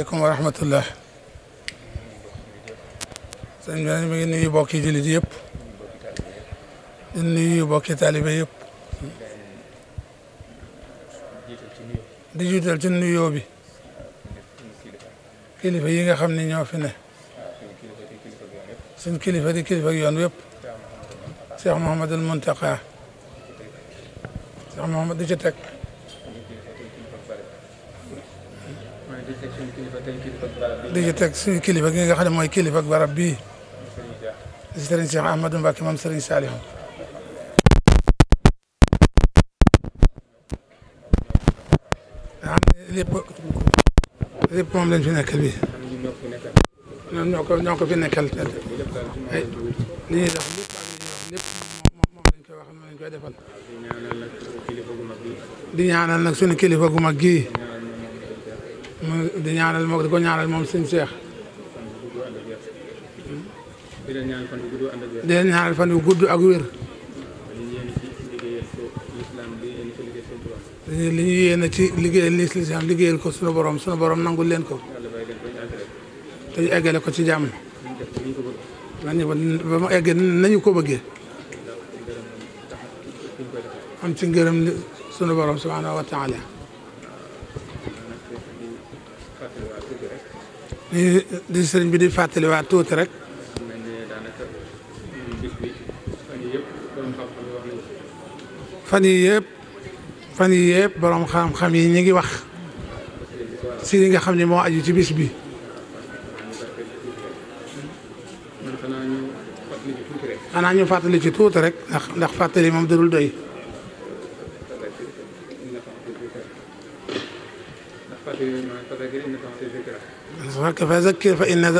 aleykum wa rahmatullah sëñ bi nag mi ngi nuyu bokki jullit yëpp di nuyu bokki taalibe yëpp di jiital ci nuyoo bi kilifa yi nga xam ni ñoo fi ne suñ kilifa di kilifa ak yoon yëpp Cheikh Mouhamadul Mountakha di ci teg suñu kilifa gi nga xam ne mooy kilifa ak barab bii di sëriñ Cheikh Ahmadou Mbacke moom sëriñ Saliou lépp lépp moom lañ fi nekkal bi ñoom ñoo ko ñoo ko fi nekkal ay li ñuy def lépp ak li ñuy wax lépp moom moom lañ koy wax moom lañ koy defal di ñaanal nag suñu kilifa gu mag gii di ñaanal moom di ko ñaanal di ñaanal fan wu gudd ak wér. li ñu yéene ci liggéeyal l'islam liggéeyal ko sunu borom sunu boroom nangul leen ko. te ñu eggale ko ci jàmm. nañu ko ba mu egg nañu ko bëggee. am ci ngërëm sunu borom subhanahu wa li li sëriñ bi di fàttaliwaat tuuti rek. fan yii yëpp fan yii yëpp borom xam-xam yi ñu ngi wax si li nga xam ni moo aju ci bis bi. xanaa ñu fàttali ci tuuti rek ndax fàttali moom darul doy. fekk fa zakkir fa inna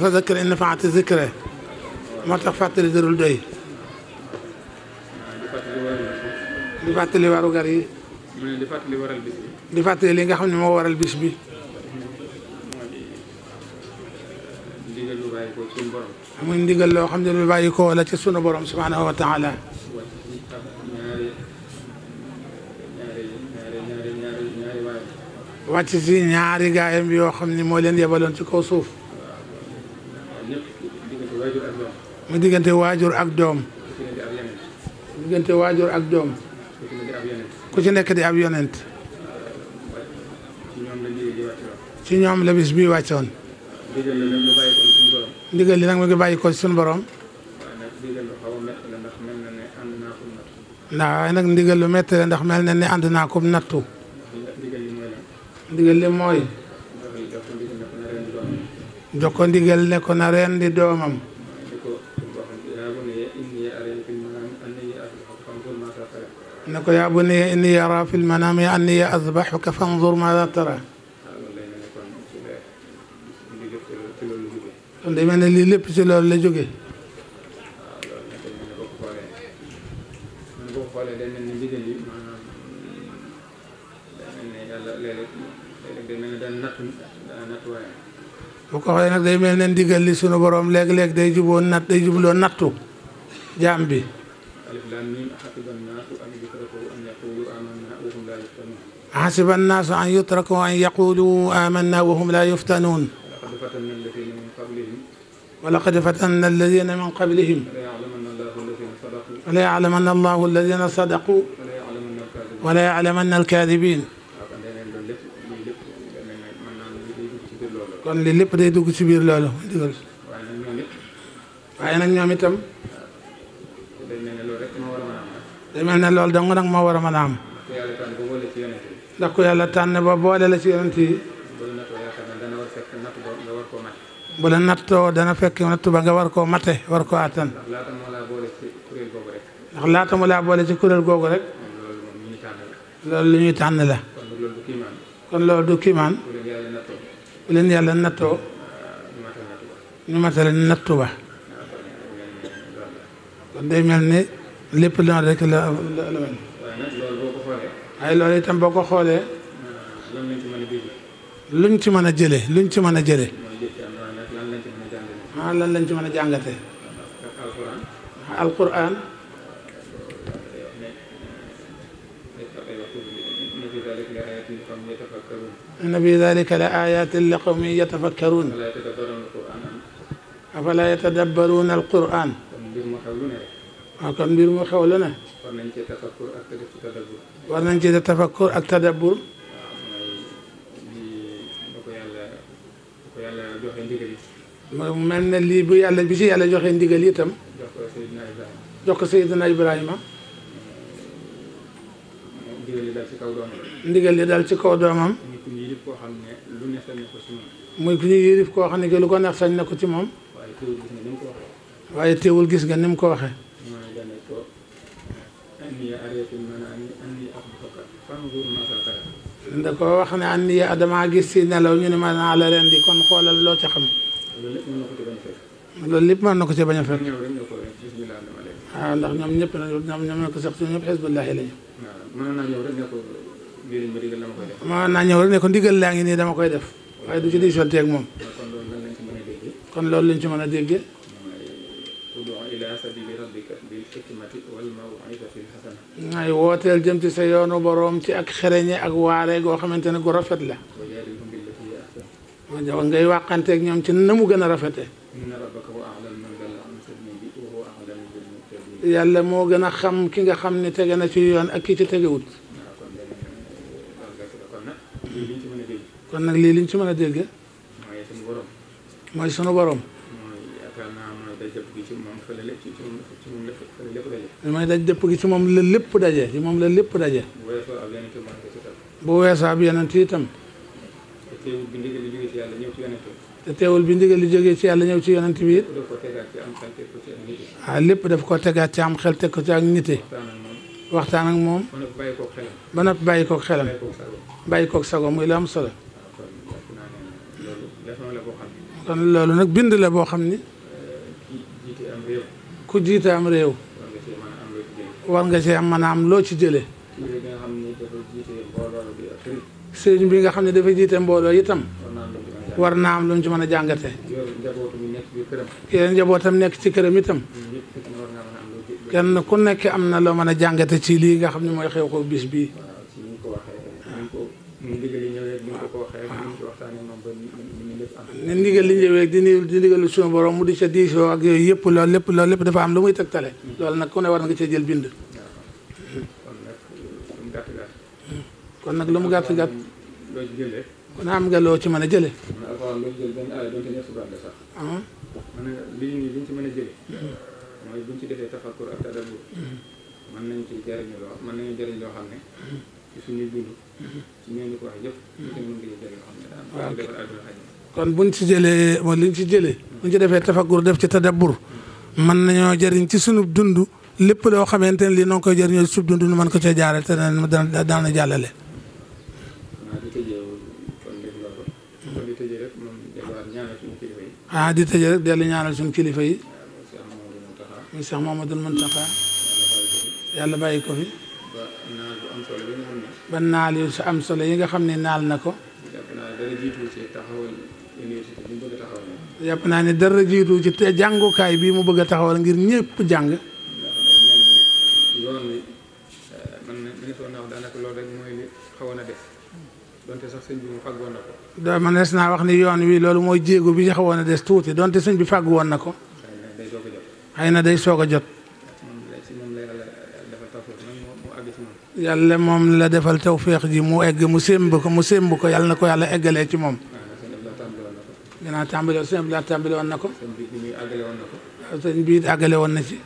fa zakkir in nafaati zikra moo tax fàttali dërul doy di fàttali warugar yi di fàttali waral bis bi di fàttali li nga xam ne moo waral bis bi muy ndigal loo xam ne lu bàyyi ko wala ci sunu borom subhanahu wa taala wàcc si ñaari gaayam yoo xam ni moo leen yebaloon ci kaw suuf mu diggante waajur ak doom diggante waajur ak doom ku ci nekk di ab yonent ci ñoom la bis bii wàccoon ndigal li nag mu ngi bàyyi ko suñu borom ndax waaye nag ndigal lu métti la ndax mel na ne ànd naa ko nattu ndigal li mooy jokko ndigal ne ko na ne inni araa fil manaami anni azbahuka fanzur maadaa taraa kon day mel ne lépp ci loolu la jóge bu ko xoolee nag day mel ne ndigal li sunu borom léeg-léeg day juboo nat day jubloo nattu jaam bi xasiba annaasu an yutraku an yaqulu amanna wa hum laa yuftanuun wa laqad fatanna alladina min qablihim wa la yaclamanna allahu alladina sadaqu wa la yaclamanna alkaadibin kon li lépp day dugg ci biir loolu waaye nag ñoom itam day mel ne loolu dong nag moo war a manaam a am ndax ku yàlla tànn ba boole la ci yonent yi bu la nattoo dana fekk nattu ba nga war koo mate war koo attan ndax laata mu boole ci kuréel googu rek loolu lu ñuy tànn la kon loolu du kiimaan bu leen yàlla nattoo ñu matale nattu ba kon day mel ni lépp lool rek la la la mel waaye loolu itam boo ko xoolee luñ ci mën a jëlee luñ ci mën a jëlee ah lan lañ ci mën a jàngate alquran inna fi dalika la ayatin li qawmin yatafakkaruun afala yatadabbaruuna alquran waaw kon mbir mu xew la ne war nañ ci tafakkur ak tadabbur war nañ ci tafakkur ak tadabbur mu mel ne lii bu yàlla bi ci yàlla joxe ndigal itam jox ko Seydina Ibrahima li dal ci ndigal li dal ci kaw doomam. muy ku ñu yilif koo xam ne lu ne sañ koo xam ne lu ko sañ na ko ci moom. waaye teewul gis nga ni mu ko waxee. waaye teewul gis nga ni mu ko waxee. da ko wax ne an damaa gis si nelaw ñu ne ma naa la ren di kon xoolal loo ci xam. loolu lépp man na ko cee bañ a fekk. waaw ndax ñoom ñëpp na ñoom ñoom ñoo ko sax su ñëpp xisbillaahi lañu. mën naa ko ma naa ñëw rek ne ko ndigal laa ngi nii dama koy def waaye du ci diisonteeg moom. kon loolu lañ ci mën a déggee. ngay wooteel jëm ci sa yoonu boroom ci ak xereñe ak waare goo xamante ne gu rafet la. waaw ngay wàqanteeg ñoom ci na mu gën a rafete yàlla moo gën a xam ki nga xam ne tege na ci yoon ak ki ci tegewut kon nag lii liñ ci mën a dégg mooy sunu borom mooy daj dëpp gi ci moom la lépp daje ci moom la lépp daje bu weesoo ab yeneen itam teewul bi ndigal li jógee ci yàlla ñëw ci yonent bi. te teewul bi ndigal li jógee ci yàlla ñëw ci yonent bi waaw lépp daf ko tegaat ci am xel teg ko ci ak nite. Ah, waxtaan ak moom. ba noppi bàyyi koog xelam. bàyyi koog sago muy la am solo. Ah, kon loolu nag bind la boo xam ni. Eh, ku jiite am réew. war nga am mën a am loo ci jële sëriñ bi nga xam ne dafa jiite mbooloo itam war naa am lu mu ci mën a jàngate nekk ci këram itam kenn ku nekk am na loo mën a jàngate ci lii nga xam ne mooy xew ko bis bi ne ndigal li ñëwee di ni di ndigalu suñu borom mu di ca diisoo ak yooyu yëpp loolu lépp loolu lépp dafa am lu muy tegtale loolu nag ku ne war nga cee jël bind kon nag lu mu gàtt loo ci jëlee. am nga ci mën a jëlee. waaw loo ci jël mën a jëlee. mooy bu ñu ci defee tafakkur mën nañ ci jëriñ loo mën nañu buñ ci jëlee mooy liñ ci jëlee. buñ ci defee tafakkur def ci tadabbur. mën nañoo jariñ ci suñu dund lépp loo xamante ne lii noo koy jariñoo ci dund nu mën ko cee jaarale te dana dana jàllale tëjee rek moom delluwaat ñaanal suñu ah, di tëjee rek dellu ñaanal suñu kilifa yi. muy Cheikh Mamadou Mountakha. yàlla bàyyi ko fi. ba naal solo yi nga xam ne. naal am solo yi nga xam ne naal na ko. jàpp naa dara jiitu ci ne dara jiitu ci te jàngukaay bii mu bëgg a taxawal ngir ñëpp jàng. donte sax bi mu fàgg woon na man des naa wax ni yoon wi loolu mooy jéego bi xawoon a des tuuti donte sëñ bi fàgg woon na ko. xay na day soog a jot. yàlla moom la defal tawféex ji mu egg mu sémb ko mu sémb ko yàlla na ko yàlla eggalee ci moom. ginnaaw tàmbale sëñ bi laa tàmbale woon na ko. sëñ bi àggale woon na ci.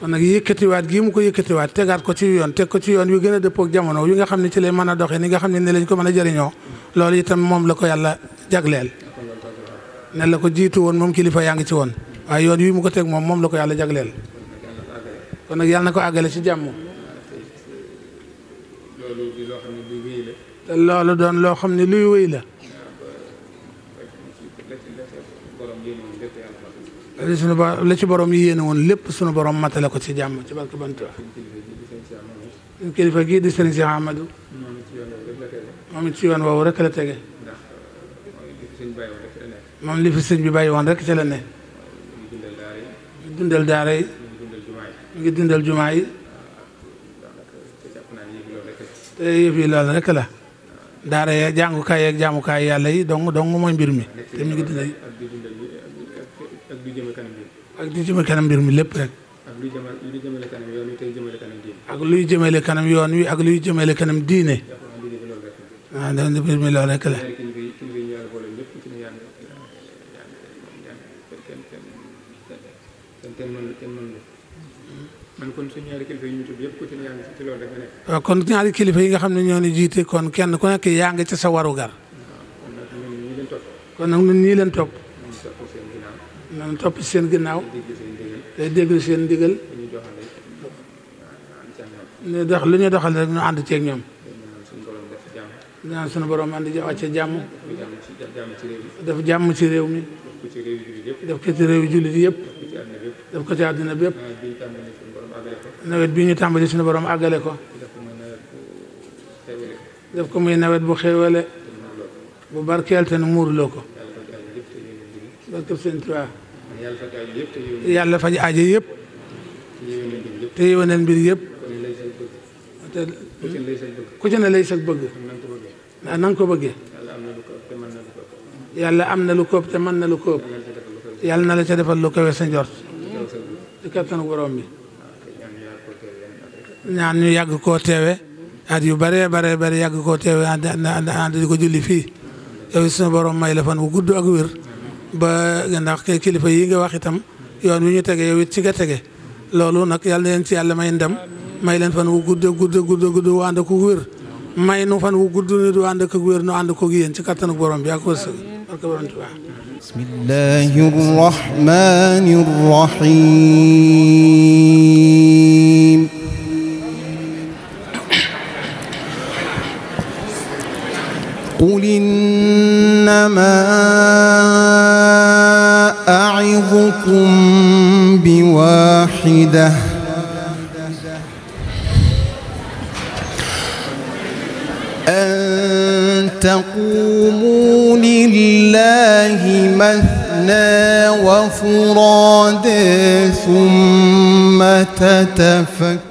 kon nag yëkkatiwaat gii mu ko yëkkatiwaat tegaat ko ci yoon teg ko ci yoon wi gën a dëppoog jamono yu nga xam ne ci lay mën a doxee ni nga xam ne ne lañ ko mën a jëriñoo loolu itam moom la ko yàlla jagleel ne la ko jiitu woon moom kilifa yaa ngi ci woon waaye yoon wi mu ko teg moom moom la ko yàlla jagleel kon nag yàlla na ko àggale ci jàmm te loolu doon loo xam ne luy wéy la li la ci borom yéene woon lépp sunu borom matale ko ci jàmm ci barke Bantuwa. suñu kilifa gii di sëriñ Cheikh Amadou. moom it ci yoon woowu rek la tege. moom li fi sëñ bi bàyyi woon rek ca la dundal daara yi. mu ngi dundal jumaa yi. te yëf yi loolu rek la. daara yeeg jàngukaay yeeg jaamukaay yàlla yi dong dong mooy mbir mi te mu ngi dundal. ak luy jëmale kanam mbir mi lépp rek. ak luy jëmale kanam yoon wi ak luy jëmale kanam yoon wi ak luy jëmale kanam diine. ah da kon ñaari kilifa yi nga xam ne ñoo ni jiite kon kenn ku nekk yaa ngi ca sa warugar. kon nag ñun ñii leen topp. nan topp seen ginnaaw day déglu seen ndigal ne dox lu ñu doxal rek ñu ànd ceeg ñoom ñaan sunu borom ànd wàcce jàmm def jàmm ci réew mi def ko ci réew jullit yëpp def ko ci àdduna bépp nawet bi ñu tàmbali sunu borom àggale ko def ko muy nawet bu xéewale bu barkeel te nu muurloo ko barkeb seen tuwaa yàlla faj aajo yëpp te yéwénal mbir yëpp te ku ci ne lay sag bëgg na ah, ko bëggee yàlla am na lu kóob te mën na lu kóob yàlla na la ca defal lu kawe sa njort ci kattanu borom bi ah, ñaan ñu yàgg koo teewe at yu bare bare bare yàgg koo teewe ànd di ko julli fii yow sunu borom may la fan bu gudd ak wér ba ndax kilifa yi nga wax itam yoon wi ñu tege yow it ci tege loolu nag yàlla leen ci yàlla may ndam may leen fan wu gudd gudd gudd gudd wu ànd ko wér may fan wu gudd du ànd ko wér nu ànd ko yéen ci kattanu borom bi ak wërsëg ak borom Tuubaa bismillahi rahmani rahim qul innama منكم بواحدة أن تقوموا لله مثنى وفراد ثم تتفكروا